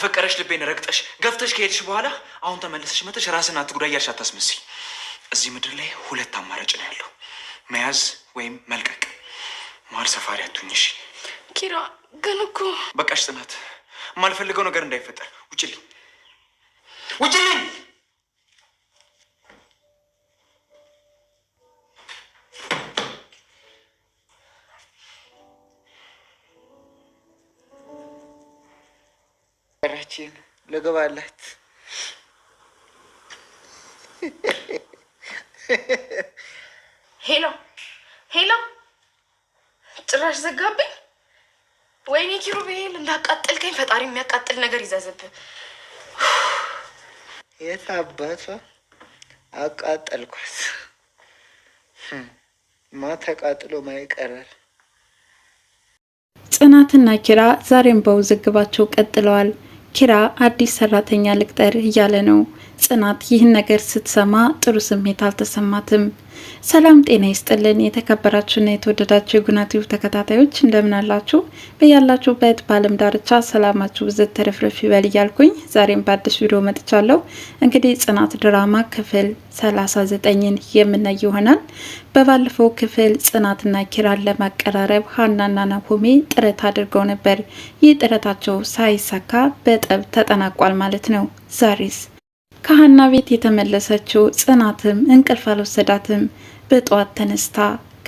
ያፈቀረሽ ልቤን ረግጠሽ ገፍተሽ ከሄድሽ በኋላ አሁን ተመለሰሽ መተሽ ራስን አትጉዳ እያልሽ አታስመስይ። እዚህ ምድር ላይ ሁለት አማራጭ ነው ያለው፣ መያዝ ወይም መልቀቅ። ማር ሰፋሪ አቱኝሽ ኪራ። ግን እኮ በቃሽ ጽናት፣ የማልፈልገው ነገር እንዳይፈጠር ውጭልኝ፣ ውጭልኝ ሀገራችን ለገባላት ሄሎ ሄሎ፣ ጭራሽ ዘጋብኝ። ወይኔ ኪሩቤል እንዳቃጠልከኝ፣ ፈጣሪ የሚያቃጥል ነገር ይዘዝብህ። የት አባቷ አቃጠልኳት። ማ ተቃጥሎ ማይቀረል ጽናትና ኪራ ዛሬም በውዝግባቸው ቀጥለዋል። ኪራ አዲስ ሰራተኛ ልቅጠር እያለ ነው። ጽናት ይህን ነገር ስትሰማ ጥሩ ስሜት አልተሰማትም። ሰላም ጤና ይስጥልን የተከበራችሁና የተወደዳችሁ የጉናቲቭ ተከታታዮች እንደምናላችሁ በያላችሁበት በዓለም ዳርቻ ሰላማችሁ ብዘት ተረፍረፍ ይበል እያልኩኝ ዛሬም በአዲስ ቪዲዮ መጥቻለሁ። እንግዲህ ጽናት ድራማ ክፍል 39ን የምናይ ይሆናል። በባለፈው ክፍል ጽናትና ኪራን ለማቀራረብ ሀናና ናሆሜ ጥረት አድርገው ነበር። ይህ ጥረታቸው ሳይሳካ በጠብ ተጠናቋል ማለት ነው። ዛሬስ ከሀና ቤት የተመለሰችው ጽናትም እንቅልፍ አልወሰዳትም። በጠዋት ተነስታ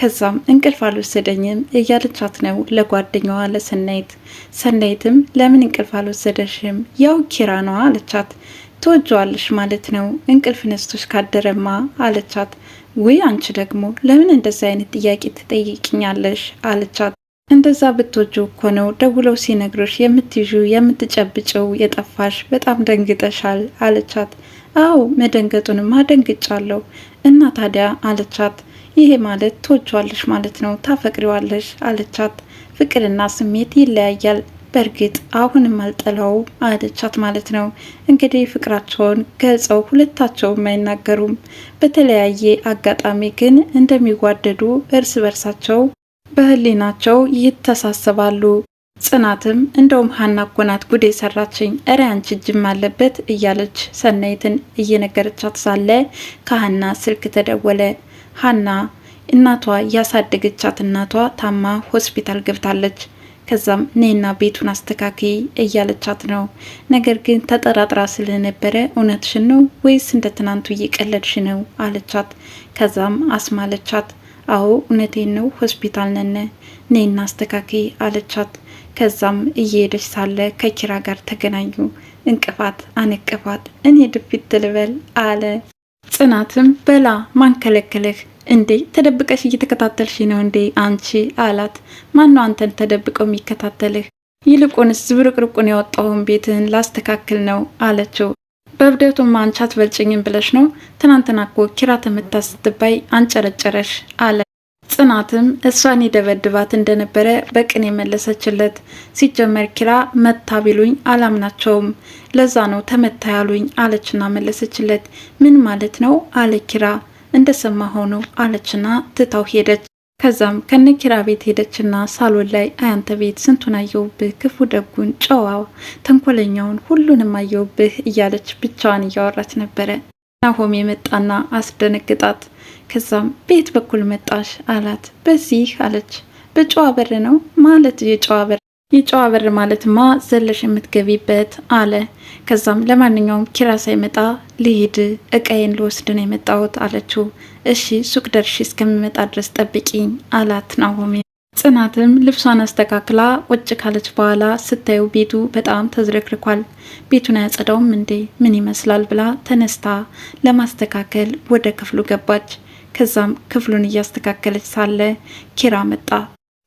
ከዛም እንቅልፍ አልወሰደኝም እያለቻት ነው ለጓደኛዋ ለሰናይት። ሰናይትም ለምን እንቅልፍ አልወሰደሽም? ያው ኪራ ነው አለቻት። ትወጀዋለሽ ማለት ነው እንቅልፍ ነስቶች ካደረማ አለቻት። ውይ አንቺ ደግሞ ለምን እንደዚህ አይነት ጥያቄ ትጠይቅኛለሽ? አለቻት። እንደዛ ብትወጁ እኮ ነው ደውለው ሲነግሮሽ የምትይዡ የምትጨብጨው የጠፋሽ በጣም ደንግጠሻል አለቻት። አዎ መደንገጡንማ ደንግጫለሁ እና ታዲያ አለቻት። ይሄ ማለት ትወጇዋለሽ ማለት ነው፣ ታፈቅሪዋለሽ አለቻት። ፍቅርና ስሜት ይለያያል። በእርግጥ አሁንም አልጠላው አለቻት ማለት ነው። እንግዲህ ፍቅራቸውን ገልጸው ሁለታቸውም አይናገሩም። በተለያየ አጋጣሚ ግን እንደሚዋደዱ እርስ በርሳቸው በህሊናቸው ይተሳሰባሉ። ጽናትም እንደውም ሀና እኮ ናት ጉድ የሰራችኝ፣ እረ አንቺ እጅም አለበት እያለች ሰናይትን እየነገረቻት ሳለ ከሀና ስልክ ተደወለ። ሀና እናቷ ያሳደገቻት እናቷ ታማ ሆስፒታል ገብታለች። ከዛም እኔና ቤቱን አስተካክይ እያለቻት ነው። ነገር ግን ተጠራጥራ ስለነበረ እውነትሽን ነው ወይስ እንደ ትናንቱ እየቀለድሽ ነው አለቻት። ከዛም አስማለቻት። አዎ እውነቴን ነው ሆስፒታል ነን እኔና አስተካከይ አለቻት። ከዛም እየሄደች ሳለ ከኪራ ጋር ተገናኙ። እንቅፋት አንቅፋት እኔ ድፊት ትልበል አለ። ጽናትም በላ ማንከለከለህ እንዴ ተደብቀሽ እየተከታተልሽ ነው እንዴ አንቺ አላት። ማነው አንተን ተደብቀው የሚከታተልህ? ይልቁንስ ዝብርቅርቁን ያወጣውን ቤትህን ላስተካክል ነው አለችው። በእብደቱ አንቺ አትበልጭኝም ብለሽ ነው ትናንትና እኮ ኪራ ተመታ ስትባይ አንጨረጨረሽ አለ። ጽናትም እሷን የደበድባት እንደነበረ በቅን የመለሰችለት። ሲጀመር ኪራ መታ ቢሉኝ አላምናቸውም ለዛ ነው ተመታ ያሉኝ አለችና መለሰችለት። ምን ማለት ነው አለ ኪራ። እንደሰማ ሆኖ አለችና ትታው ሄደች። ከዛም ከነኪራ ቤት ሄደችና ሳሎን ላይ አያንተ ቤት ስንቱን አየውብህ፣ ክፉ ደጉን፣ ጨዋው፣ ተንኮለኛውን ሁሉንም አየውብህ እያለች ብቻዋን እያወራች ነበረ። ናሆም የመጣና አስደነግጣት። ከዛም ቤት በኩል መጣሽ አላት። በዚህ አለች። በጨዋ በር ነው ማለት የጨዋ በር የጨዋ በር ማ ዘለሽ የምትገቢበት አለ። ከዛም ለማንኛውም ኪራ ሳይመጣ ልሂድ እቃዬን ልወስድ ነው የመጣሁት አለችው። እሺ ሱቅ ደርሺ እስከሚመጣ ድረስ ጠብቂኝ አላት ናሆሜ። ጽናትም ልብሷን አስተካክላ ቁጭ ካለች በኋላ ስታየው ቤቱ በጣም ተዝረክርኳል። ቤቱን አያጸዳውም እንዴ ምን ይመስላል ብላ ተነስታ ለማስተካከል ወደ ክፍሉ ገባች። ከዛም ክፍሉን እያስተካከለች ሳለ ኪራ መጣ።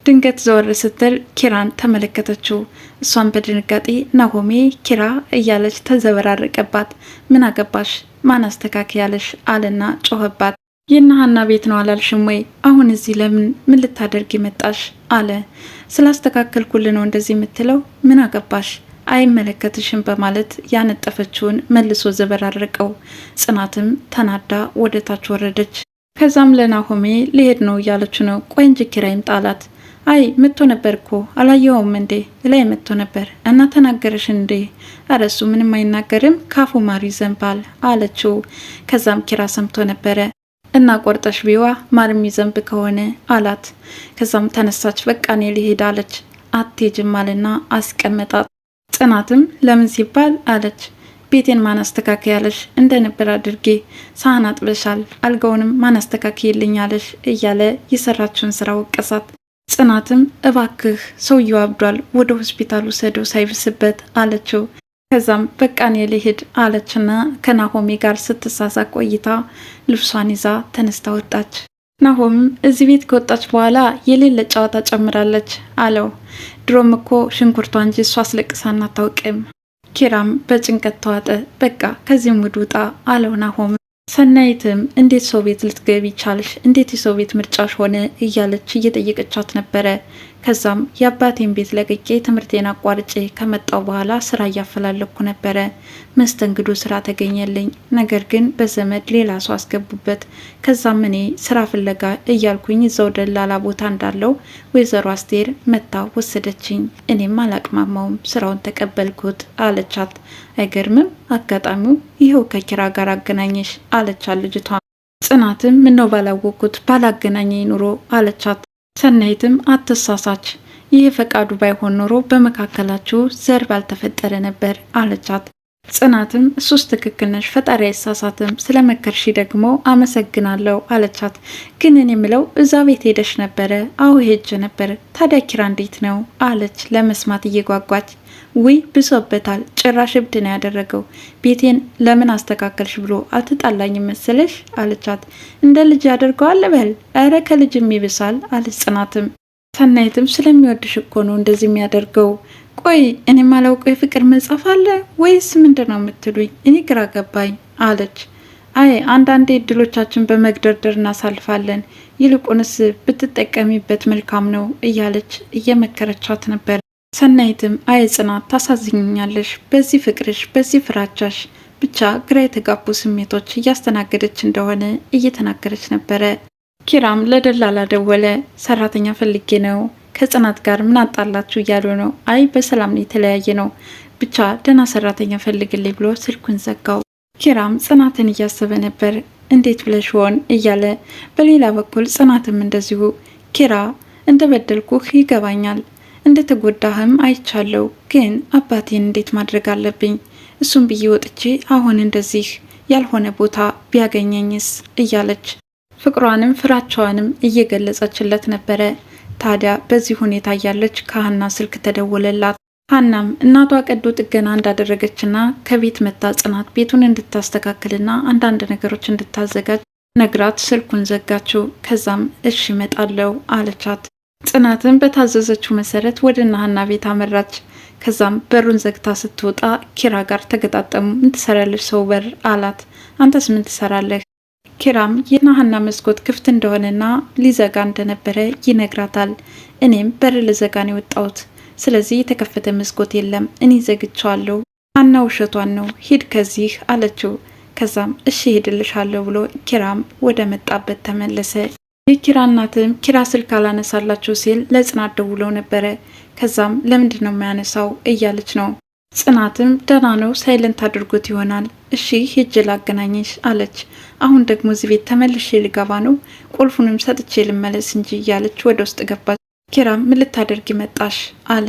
ድንገት ዘወር ስትል ኪራን ተመለከተችው። እሷን በድንጋጤ ናሆሜ ኪራ እያለች ተዘበራረቀባት። ምን አገባሽ ማን አስተካክያለሽ? አለና ጮኸባት። የነሀና ቤት ነው አላልሽም ወይ? አሁን እዚህ ለምን ምን ልታደርግ መጣሽ? አለ ስላስተካከልኩል ነው እንደዚህ የምትለው ምን አገባሽ? አይመለከትሽም በማለት ያነጠፈችውን መልሶ ዘበራረቀው። ጽናትም ተናዳ ወደ ታች ወረደች። ከዛም ለናሆሜ ሊሄድ ነው እያለች ነው። ቆይ እንጂ ኪራይም ጣላት። አይ መጥቶ ነበር እኮ አላየውም እንዴ? እላይ መጥቶ ነበር እና ተናገረሽ እንዴ? ኧረ እሱ ምንም አይናገርም ካፉ ማሪ ዘንባል አለችው። ከዛም ኪራ ሰምቶ ነበረ እና ቆርጠሽ ቢዋ ማር የሚዘንብ ከሆነ አላት። ከዛም ተነሳች በቃ እኔ ልሄድ አለች። አትሄጂም አለና አስቀመጣት። ጽናትም ለምን ሲባል አለች ቤቴን ማን አስተካከያለሽ? እንደነበር አድርጌ ሳህን አጥበሻል፣ አልጋውንም ማን አስተካከይልኛለሽ? እያለ የሰራችውን ስራ ወቀሳት። ጽናትም እባክህ ሰውየው አብዷል፣ ወደ ሆስፒታል ውሰደው ሳይብስበት አለችው። ከዛም በቃኔ ሊሄድ አለችና ከናሆሚ ጋር ስትሳሳ ቆይታ ልብሷን ይዛ ተነስታ ወጣች። ናሆምም እዚህ ቤት ከወጣች በኋላ የሌለ ጨዋታ ጨምራለች አለው። ድሮም እኮ ሽንኩርቷ እንጂ እሷ አስለቅሳና አታውቅም። ኪራም በጭንቀት ተዋጠ። በቃ ከዚህም ውድ ውጣ አለው ናሆም። ሰናይትም እንዴት ሰው ቤት ልትገቢ ቻልሽ? እንዴት የሰው ቤት ምርጫሽ ሆነ? እያለች እየጠየቀቻት ነበረ። ከዛም የአባቴን ቤት ለቅቄ ትምህርቴን አቋርጬ ከመጣው በኋላ ስራ እያፈላለኩ ነበረ። መስተንግዶ ስራ ተገኘልኝ። ነገር ግን በዘመድ ሌላ ሰው አስገቡበት። ከዛም እኔ ስራ ፍለጋ እያልኩኝ እዛው ደላላ ቦታ እንዳለው ወይዘሮ አስቴር መታ ወሰደችኝ። እኔም አላቅማማውም፣ ስራውን ተቀበልኩት አለቻት። አይገርምም? አጋጣሚው ይኸው ከኪራ ጋር አገናኘሽ አለቻት ልጅቷ። ጽናትም ምነው ባላወቅኩት ባላገናኘኝ ኑሮ አለቻት። ሰናይትም አትሳሳች፣ ይህ ፈቃዱ ባይሆን ኖሮ በመካከላችሁ ዘር ባልተፈጠረ ነበር አለቻት። ጽናትም እሱስ ትክክል ነሽ፣ ፈጣሪ አይሳሳትም፣ ስለ መከርሺ ደግሞ አመሰግናለሁ አለቻት። ግን እኔ የምለው እዛ ቤት ሄደሽ ነበረ? አዎ ሄጄ ነበር። ታዲያ ኪራ እንዴት ነው አለች ለመስማት እየጓጓች። ውይ ብሶበታል፣ ጭራሽ እብድ ነው ያደረገው። ቤቴን ለምን አስተካከልሽ ብሎ አትጣላኝ መሰለሽ አለቻት። እንደ ልጅ ያደርገዋል በል፣ ኧረ ከልጅም ይብሳል አለች ጽናትም። ሰናይትም ስለሚወድሽ እኮ ነው እንደዚህ የሚያደርገው ቆይ እኔ ማላውቀው የፍቅር መጽሐፍ አለ ወይስ ምንድን ነው የምትሉኝ? እኔ ግራ ገባኝ አለች። አይ አንዳንዴ እድሎቻችን በመግደርደር እናሳልፋለን። ይልቁንስ ብትጠቀሚበት መልካም ነው እያለች እየመከረቻት ነበር። ሰናይትም አይ ጽናት፣ ታሳዝኝኛለሽ፣ በዚህ ፍቅርሽ፣ በዚህ ፍራቻሽ ብቻ ግራ የተጋቡ ስሜቶች እያስተናገደች እንደሆነ እየተናገረች ነበረ። ኪራም ለደላላ ደወለ። ሰራተኛ ፈልጌ ነው ከጽናት ጋር ምን አጣላችሁ እያሉ ነው። አይ በሰላም ነው የተለያየ ነው ብቻ ደህና ሰራተኛ ፈልግልኝ ብሎ ስልኩን ዘጋው። ኪራም ጽናትን እያሰበ ነበር። እንዴት ብለሽ ሆን እያለ በሌላ በኩል ጽናትም እንደዚሁ ኪራ እንደበደልኩህ ይገባኛል እንደተጎዳህም አይቻለሁ ግን አባቴን እንዴት ማድረግ አለብኝ? እሱም ብዬ ወጥቼ አሁን እንደዚህ ያልሆነ ቦታ ቢያገኘኝስ እያለች ፍቅሯንም ፍራቻዋንም እየገለጸችለት ነበረ። ታዲያ በዚህ ሁኔታ እያለች ከሀና ስልክ ተደወለላት። ሀናም እናቷ ቀዶ ጥገና እንዳደረገችና ከቤት መታ ጽናት ቤቱን እንድታስተካክልና አንዳንድ ነገሮች እንድታዘጋጅ ነግራት ስልኩን ዘጋችው። ከዛም እሺ እመጣለሁ አለቻት። ጽናትን በታዘዘችው መሰረት ወደ ናሀና ቤት አመራች። ከዛም በሩን ዘግታ ስትወጣ ኪራ ጋር ተገጣጠሙ። ምን ትሰሪያለሽ ሰው በር አላት። አንተስ ምን ትሰራለህ ኪራም የናሀና መስኮት ክፍት እንደሆነና ሊዘጋ እንደነበረ ይነግራታል። እኔም በር ልዘጋን የወጣሁት ስለዚህ የተከፈተ መስኮት የለም፣ እኔ ዘግቸዋለሁ። አና ውሸቷን ነው፣ ሂድ ከዚህ አለችው። ከዛም እሺ ሄድልሻለሁ ብሎ ኪራም ወደ መጣበት ተመለሰ። የኪራ እናትም ኪራ ስልክ አላነሳላቸው ሲል ለጽናት ደውለው ነበረ። ከዛም ለምንድን ነው የሚያነሳው እያለች ነው። ጽናትም ደህና ነው ሳይለንት አድርጎት ይሆናል፣ እሺ ሂጅ ላገናኝሽ አለች። አሁን ደግሞ እዚህ ቤት ተመልሼ ልገባ ነው፣ ቁልፉንም ሰጥቼ ልመለስ እንጂ እያለች ወደ ውስጥ ገባች። ኪራም ምን ልታደርግ መጣሽ አለ።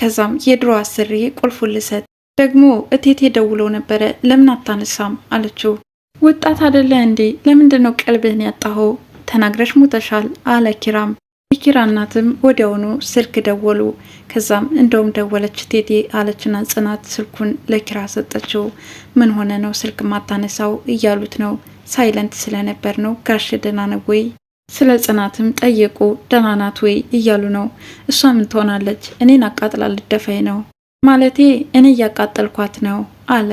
ከዛም የድሮ አስሬ ቁልፉን ልሰጥ ደግሞ እቴቴ ደውለው ነበረ ለምን አታነሳም አለችው። ወጣት አደለ እንዴ ለምንድን ነው ቀልብህን ያጣኸው? ተናግረሽ ሙተሻል አለ ኪራም። የኪራ እናትም ወዲያውኑ ስልክ ደወሉ። ከዛም እንደውም ደወለች ቴቴ አለችና ጽናት ስልኩን ለኪራ ሰጠችው። ምን ሆነ ነው ስልክ ማታነሳው እያሉት ነው። ሳይለንት ስለነበር ነው ጋሽ ደህና ነው ወይ? ስለ ጽናትም ጠየቁ። ደህና ናት ወይ እያሉ ነው። እሷ ምን ትሆናለች? እኔን አቃጥላ ልደፋኝ ነው ማለቴ እኔ እያቃጠልኳት ነው አለ።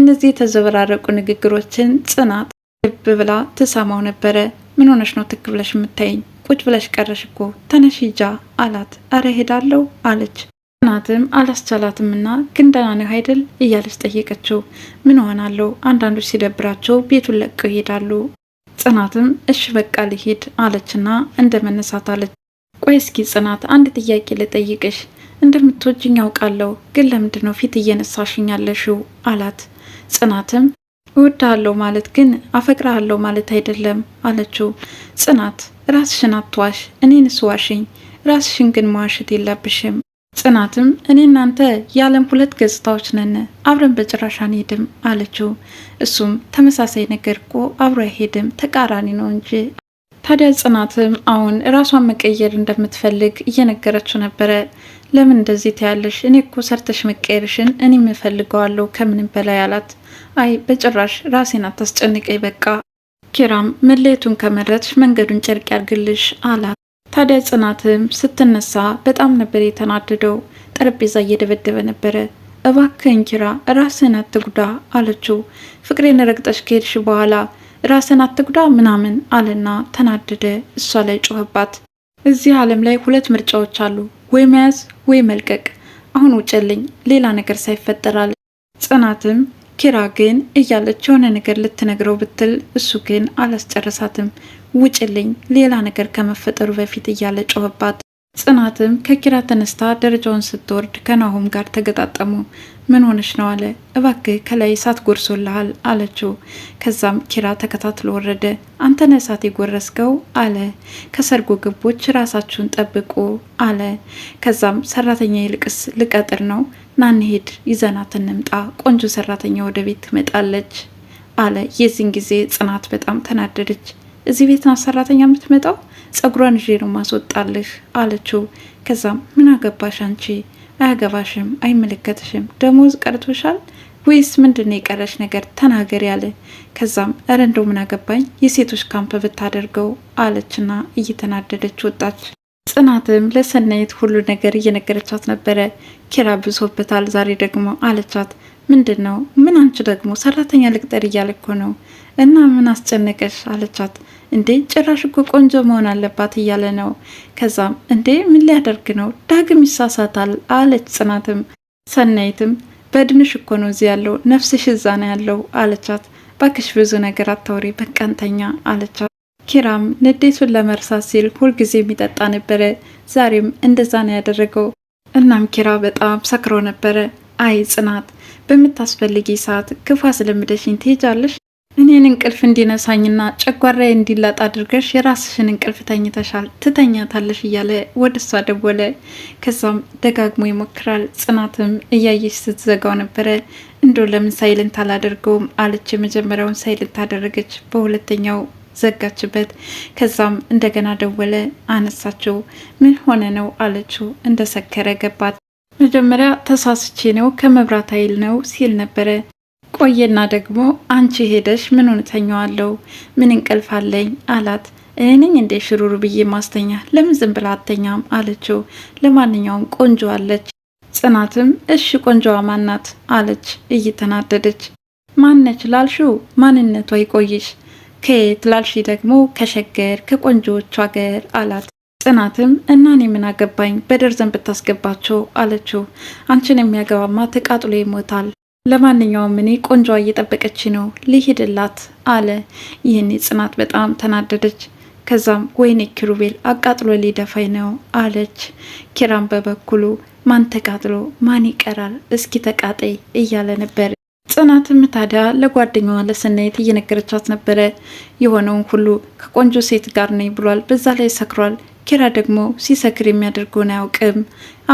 እነዚህ የተዘበራረቁ ንግግሮችን ጽናት ልብ ብላ ትሰማው ነበረ። ምን ሆነች ነው ትክ ብለሽ የምታይኝ ቁጭ ብለሽ ቀረሽ እኮ ተነሽ ሂጂ አላት። እረ ሄዳለሁ አለች። ጽናትም አላስቻላትም እና ግን ደህና ነህ አይደል እያለች ጠየቀችው። ምን ሆናለሁ አንዳንዶች ሲደብራቸው ቤቱን ለቀው ይሄዳሉ። ጽናትም እሽ በቃ ልሄድ አለችና እንደ መነሳት አለች። ቆይ እስኪ ጽናት አንድ ጥያቄ ልጠይቅሽ እንደምትወጂኝ ያውቃለሁ፣ ግን ለምንድን ነው ፊት እየነሳሽኝ ያለሽው አላት። ጽናትም እወድሃለሁ ማለት ግን አፈቅርሃለሁ ማለት አይደለም አለችው። ጽናት ራስሽን አትዋሽ፣ እኔን ስዋሽኝ፣ ራስሽን ግን መዋሸት የለብሽም። ጽናትም እኔ እናንተ የዓለም ሁለት ገጽታዎች ነን፣ አብረን በጭራሽ አንሄድም አለችው። እሱም ተመሳሳይ ነገር እኮ አብሮ አይሄድም፣ ተቃራኒ ነው እንጂ ታዲያ ጽናትም አሁን ራሷን መቀየር እንደምትፈልግ እየነገረችው ነበረ። ለምን እንደዚህ ትያለሽ? እኔ እኮ ሰርተሽ መቀየርሽን እኔም እፈልገዋለሁ ከምንም በላይ አላት። አይ በጭራሽ ራሴን አታስጨንቀኝ፣ በቃ ኪራም መለየቱን ከመረጥሽ መንገዱን ጨርቅ ያርግልሽ አላት። ታዲያ ጽናትም ስትነሳ በጣም ነበር የተናደደው። ጠረጴዛ እየደበደበ ነበረ። እባክህን ኪራ ራስህን አትጉዳ አለችው። ፍቅሬን ረግጠሽ ከሄድሽ በኋላ ራስን አትጉዳ ምናምን አለና ተናደደ። እሷ ላይ ጮኸባት። እዚህ ዓለም ላይ ሁለት ምርጫዎች አሉ፣ ወይ መያዝ ወይ መልቀቅ። አሁን ውጭልኝ፣ ሌላ ነገር ሳይፈጠራል። ጽናትም ኪራ ግን እያለች የሆነ ነገር ልትነግረው ብትል እሱ ግን አላስጨረሳትም። ውጭልኝ፣ ሌላ ነገር ከመፈጠሩ በፊት እያለ ጮኸባት። ጽናትም ከኪራ ተነስታ ደረጃውን ስትወርድ ከናሆም ጋር ተገጣጠሙ። ምን ሆነች ነው አለ። እባክህ ከላይ እሳት ጎርሶልሃል አለችው። ከዛም ኪራ ተከታትሎ ወረደ። አንተነ እሳት የጎረስከው አለ። ከሰርጎ ገቦች ራሳችሁን ጠብቁ አለ። ከዛም ሰራተኛ ይልቅስ ልቀጥር ነው ናንሄድ ይዘናት እንምጣ፣ ቆንጆ ሰራተኛ ወደ ቤት ትመጣለች አለ። የዚህን ጊዜ ጽናት በጣም ተናደደች። እዚህ ቤት ናት ሰራተኛ የምትመጣው ጸጉሯን ይዤ ነው ማስወጣልህ አለችው። ከዛም ምን አገባሽ አንቺ አያገባሽም፣ አይመለከትሽም። ደሞዝ ቀርቶሻል ወይስ ምንድን የቀረሽ ነገር ተናገሪ አለ። ከዛም እረ እንደው ምን አገባኝ የሴቶች ካምፕ ብታደርገው አለችና እየተናደደች ወጣች። ጽናትም ለሰናይት ሁሉ ነገር እየነገረቻት ነበረ። ኪራ ብሶበታል ዛሬ ደግሞ አለቻት። ምንድን ነው ምን አንቺ ደግሞ ሰራተኛ ልቅጠር እያለኮ ነው እና ምን አስጨነቀሽ አለቻት። እንዴ ጭራሽ እኮ ቆንጆ መሆን አለባት እያለ ነው። ከዛም እንዴ ምን ሊያደርግ ነው ዳግም ይሳሳታል አለች ጽናትም። ሰናይትም በድንሽ እኮ ነው እዚህ ያለው ነፍስሽ እዛ ነው ያለው አለቻት። ባክሽ ብዙ ነገር አታውሪ በቀንተኛ አለቻት። ኪራም ንዴቱን ለመርሳት ሲል ሁልጊዜ የሚጠጣ ነበረ። ዛሬም እንደዛ ነው ያደረገው። እናም ኪራ በጣም ሰክሮ ነበረ። አይ ጽናት በምታስፈልጊ ሰዓት ክፉ አስለምደሽኝ ትሄጃለሽ እኔን እንቅልፍ እንዲነሳኝና ጨጓራዬ እንዲላጥ አድርገሽ የራስሽን እንቅልፍ ተኝተሻል ትተኛታለሽ እያለ ወደ እሷ ደወለ። ከዛም ደጋግሞ ይሞክራል። ጽናትም እያየች ስትዘጋው ነበረ። እንዶ ለምን ሳይልንት አላደርገውም አለች። የመጀመሪያውን ሳይልንት አደረገች፣ በሁለተኛው ዘጋችበት። ከዛም እንደገና ደወለ፣ አነሳችው። ምን ሆነ ነው አለችው። እንደሰከረ ገባት። መጀመሪያ ተሳስቼ ነው ከመብራት ኃይል ነው ሲል ነበረ ቆየና ደግሞ አንቺ ሄደሽ ምን ሆንተኛዋለው ምን እንቅልፍ አላት። እኔኝ እንዴ ሽሩሩ ብዬ ማስተኛ ለምን ዝም ብላ አተኛም አለችው። ለማንኛውም ቆንጆ አለች። ጽናትም እሺ ቆንጆዋ ማናት አለች እየተናደደች። ማነች ላልሹ ማንነቷ ይቆይሽ፣ ከየት ላልሽ ደግሞ ከሸገር ከቆንጆዎቹ አገር አላት። ጽናትም እና እኔ ምን አገባኝ በደርዘን ብታስገባቸው አለችው። አንቺን የሚያገባማ ተቃጥሎ ይሞታል ለማንኛውም እኔ ቆንጆ እየጠበቀች ነው ሊሄድላት አለ። ይህን ጽናት በጣም ተናደደች። ከዛም ወይኔ ኪሩቤል አቃጥሎ ሊደፋኝ ነው አለች። ኪራም በበኩሉ ማን ተቃጥሎ ማን ይቀራል እስኪ ተቃጠይ እያለ ነበር። ጽናትም ታዲያ ለጓደኛዋ ለሰናየት እየነገረቻት ነበረ። የሆነውን ሁሉ ከቆንጆ ሴት ጋር ነኝ ብሏል፣ በዛ ላይ ሰክሯል። ኪራ ደግሞ ሲሰክር የሚያደርገውን አያውቅም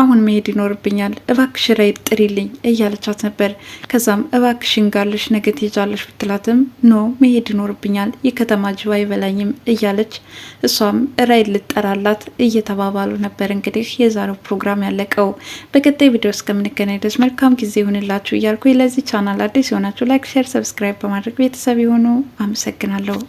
አሁን መሄድ ይኖርብኛል፣ እባክሽ ራይድ ጥሪልኝ እያለቻት ነበር። ከዛም እባክሽ እንጋለሽ ነገ ትሄጃለሽ ብትላትም ኖ መሄድ ይኖርብኛል፣ የከተማ ጅብ አይበላኝም እያለች እሷም ራይድ ልጠራላት እየተባባሉ ነበር። እንግዲህ የዛሬው ፕሮግራም ያለቀው። በቀጣይ ቪዲዮ እስከምንገናኝ ድረስ መልካም ጊዜ ይሁንላችሁ እያልኩ ለዚህ ቻናል አዲስ የሆናችሁ ላይክ፣ ሼር፣ ሰብስክራይብ በማድረግ ቤተሰብ የሆኑ አመሰግናለሁ።